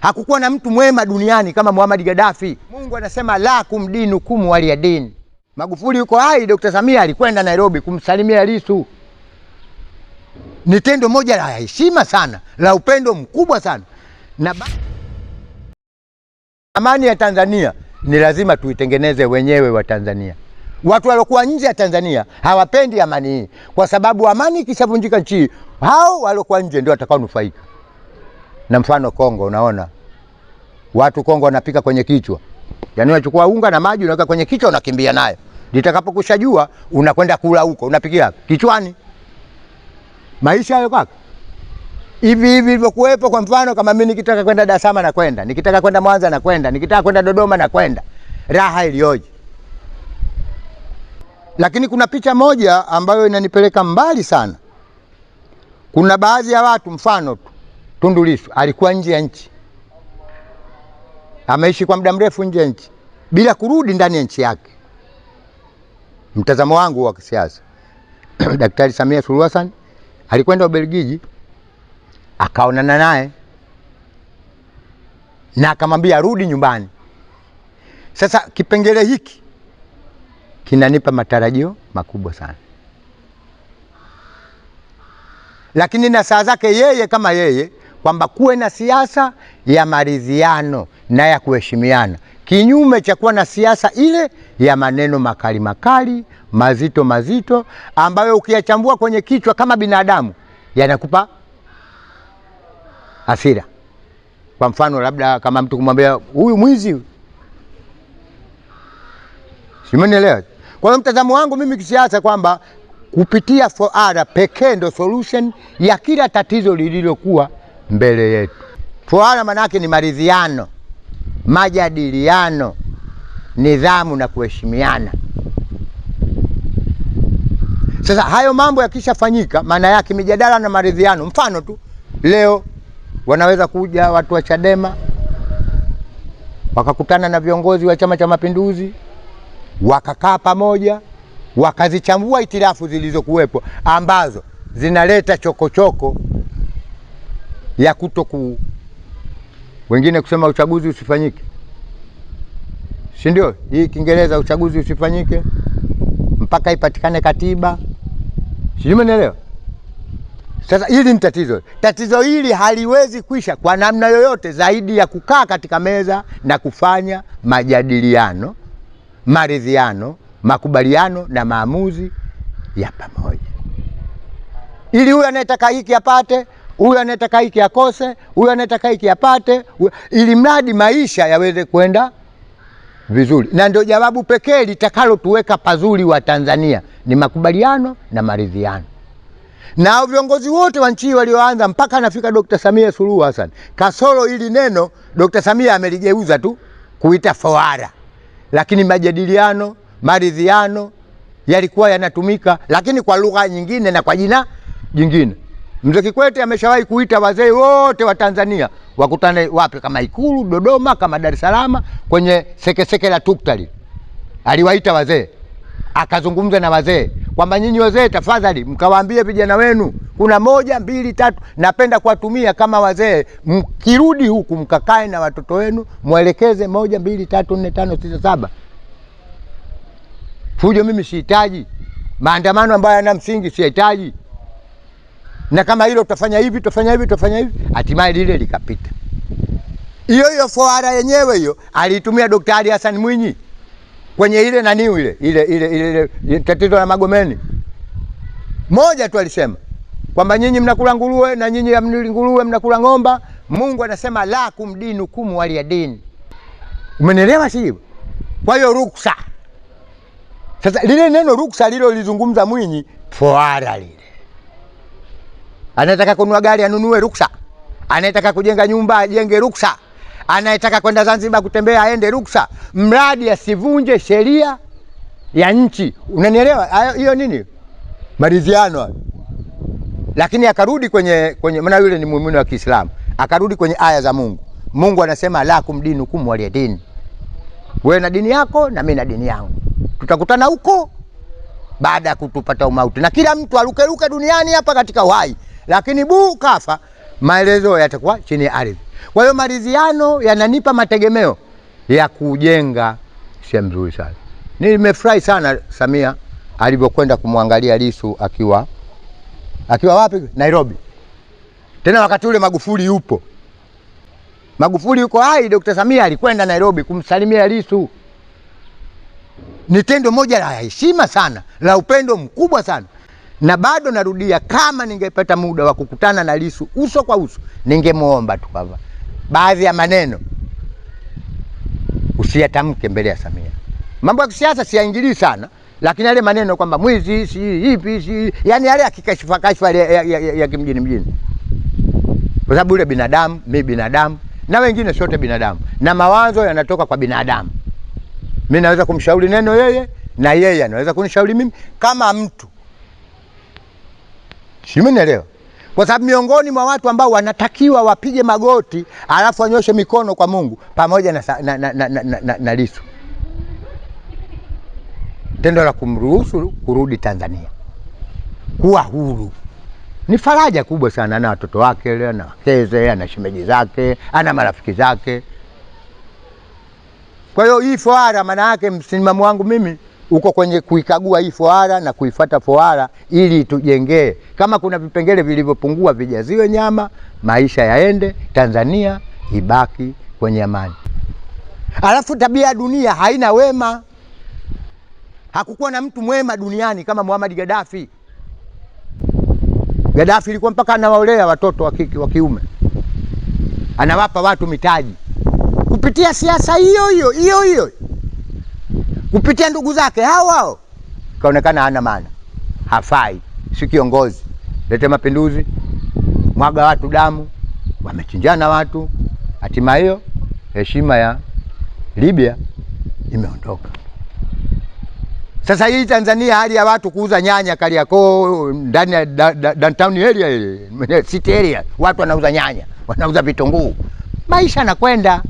Hakukuwa na mtu mwema duniani kama Muhammad Gaddafi. Mungu anasema la kumdinu kumu waliya dini. Magufuli yuko hai. Dr. Samia alikwenda Nairobi kumsalimia Lisu. Ni tendo moja la heshima sana la upendo mkubwa sana na ba... amani ya Tanzania ni lazima tuitengeneze wenyewe wa Tanzania. Watu waliokuwa nje ya Tanzania hawapendi amani hii, kwa sababu amani ikishavunjika nchi, hao waliokuwa nje ndio watakaonufaika na mfano Kongo, unaona watu Kongo wanapika kwenye kichwa, yaani unachukua unga na maji unaweka kwenye kichwa, unakimbia nayo, litakapokusha jua unakwenda kula huko, unapikia kichwani. Maisha hayo kaka, hivi hivi ilivyokuwepo. Kwa mfano kama mimi nikitaka kwenda Dar es Salaam na kwenda, nikitaka kwenda Mwanza na kwenda, nikitaka kwenda Dodoma na kwenda, raha iliyoje! Lakini kuna picha moja ambayo inanipeleka mbali sana. Kuna baadhi ya watu mfano tu Tundu Lissu alikuwa nje ya nchi, ameishi kwa muda mrefu nje ya nchi bila kurudi ndani ya nchi yake. Mtazamo wangu wa kisiasa Daktari Samia Suluhu Hassan alikwenda Ubelgiji akaonana naye na akamwambia rudi nyumbani. Sasa kipengele hiki kinanipa matarajio makubwa sana, lakini na saa zake yeye kama yeye kwamba kuwe na siasa ya maridhiano na ya kuheshimiana, kinyume cha kuwa na siasa ile ya maneno makali makali mazito mazito ambayo ukiyachambua kwenye kichwa kama binadamu yanakupa hasira. Kwa mfano, labda kama mtu kumwambia huyu mwizi, simenielewa. Kwa hiyo mtazamo wangu mimi kisiasa kwamba kupitia foara pekee ndo solution ya kila tatizo lililokuwa mbele yetu. Fuana manake ni maridhiano, majadiliano, nidhamu na kuheshimiana. Sasa hayo mambo yakishafanyika, maana yake mijadala na maridhiano, mfano tu leo wanaweza kuja watu wa Chadema wakakutana na viongozi wa Chama cha Mapinduzi wakakaa pamoja wakazichambua itilafu zilizokuwepo ambazo zinaleta chokochoko choko ya kutoku wengine kusema uchaguzi usifanyike, si ndio? Hii Kiingereza uchaguzi usifanyike mpaka ipatikane katiba, sijui umenielewa? Sasa hili ni tatizo. Tatizo hili haliwezi kuisha kwa namna yoyote zaidi ya kukaa katika meza na kufanya majadiliano, maridhiano, makubaliano na maamuzi ya pamoja, ili huyu anayetaka hiki apate huyu anataka hiki akose, huyu anataka hiki apate, ili mradi maisha yaweze kwenda vizuri, na ndio jawabu pekee litakalotuweka pazuri wa Tanzania ni makubaliano na maridhiano. Na viongozi wote wa nchi hii walioanza mpaka anafika Dr. Samia Suluhu Hassan, kasoro ili neno Dr. Samia ameligeuza tu kuita foara, lakini majadiliano, maridhiano yalikuwa yanatumika, lakini kwa lugha nyingine na kwa jina jingine. Mzee Kikwete ameshawahi kuita wazee wote wa Tanzania wakutane wapi? Kama Ikulu, Dodoma, kama Dar es Salaam, kwenye sekeseke la Tuktali aliwaita wazee, akazungumza na wazee kwamba nyinyi wazee, tafadhali mkawaambie vijana wenu kuna moja mbili tatu, napenda kuwatumia kama wazee, mkirudi huku mkakae na watoto wenu mwelekeze moja mbili tatu nne tano sita saba. Fujo mimi sihitaji, maandamano ambayo yana msingi sihitaji na kama hilo tutafanya hivi tutafanya hivi tutafanya hivi, hatimaye lile likapita. Hiyo hiyo foara yenyewe hiyo aliitumia Daktari Hassan Mwinyi kwenye ile nani ile ile ile ile tatizo la Magomeni. Moja tu alisema kwamba nyinyi mnakula nguruwe na nyinyi hamnuli nguruwe, mnakula ng'omba. Mungu anasema la kumdini hukumu wali ya dini, umenielewa Si hivyo? Kwa hiyo ruksa. Sasa lile neno ruksa lilo lizungumza Mwinyi foara lile anayetaka kununua gari anunue ruksa, anayetaka kujenga nyumba ajenge ruksa, anayetaka kwenda Zanzibar kutembea aende ruksa, mradi asivunje sheria ya nchi. Unanielewa? Hiyo nini maridhiano. Lakini akarudi kwenye kwenye, maana yule ni muumini wa Kiislamu, akarudi kwenye aya za Mungu. Mungu anasema lakum dinukum waliya dini, wewe na dini yako na mimi na dini yangu, tutakutana huko baada ya kutupata umauti, na kila mtu arukeruke duniani hapa katika uhai lakini bu kafa, maelezo yatakuwa chini ya ardhi. Kwa hiyo maridhiano yananipa mategemeo ya kujenga sehemu nzuri sana. Nimefurahi sana Samia alivyokwenda kumwangalia Lisu akiwa akiwa wapi? Nairobi. Tena wakati ule Magufuli yupo, Magufuli yuko hai. Dr. Samia alikwenda Nairobi kumsalimia Lisu. Ni tendo moja la heshima sana la upendo mkubwa sana na bado narudia, kama ningepata muda wa kukutana na Lissu uso kwa uso, ningemwomba tu kwamba baadhi ya maneno usiyatamke mbele ya Samia. Mambo ya kisiasa siyaingilii sana, lakini yale maneno kwamba mwizi si ipi si, yani yale yakikashfa kashfa ya, ya, ya kimjini mjini, kwa sababu yule binadamu, mi binadamu na wengine sote binadamu, na mawazo yanatoka kwa binadamu. Mi naweza kumshauri neno yeye na yeye anaweza kunishauri mimi, kama mtu Simenielewa? Kwa sababu miongoni mwa watu ambao wanatakiwa wapige magoti alafu wanyoshe mikono kwa Mungu pamoja na, na, na, na, na, na, na Lissu, tendo la kumruhusu kurudi Tanzania kuwa huru ni faraja kubwa sana. Ana watoto wake, ana wakeze, ana shemeji zake, ana marafiki zake. Kwa hiyo hii fuara, maana yake msimamo wangu mimi uko kwenye kuikagua hii foara na kuifata foara ili tujengee. Kama kuna vipengele vilivyopungua vijaziwe nyama, maisha yaende, Tanzania ibaki kwenye amani. Alafu tabia ya dunia haina wema. Hakukuwa na mtu mwema duniani kama Muhammad Gaddafi. Gaddafi ilikuwa mpaka anawaolea watoto wa kike wa kiume, anawapa watu mitaji kupitia siasa hiyo hiyo hiyo hiyo kupitia ndugu zake hao hao, kaonekana hana maana, hafai, si kiongozi. Lete mapinduzi, mwaga watu damu, wamechinjana watu, hatima hiyo heshima ya Libya imeondoka. Sasa hii Tanzania, hali ya watu kuuza nyanya Kariakoo, ndani ya downtown area ile, city area, watu wanauza nyanya, wanauza vitunguu, maisha yanakwenda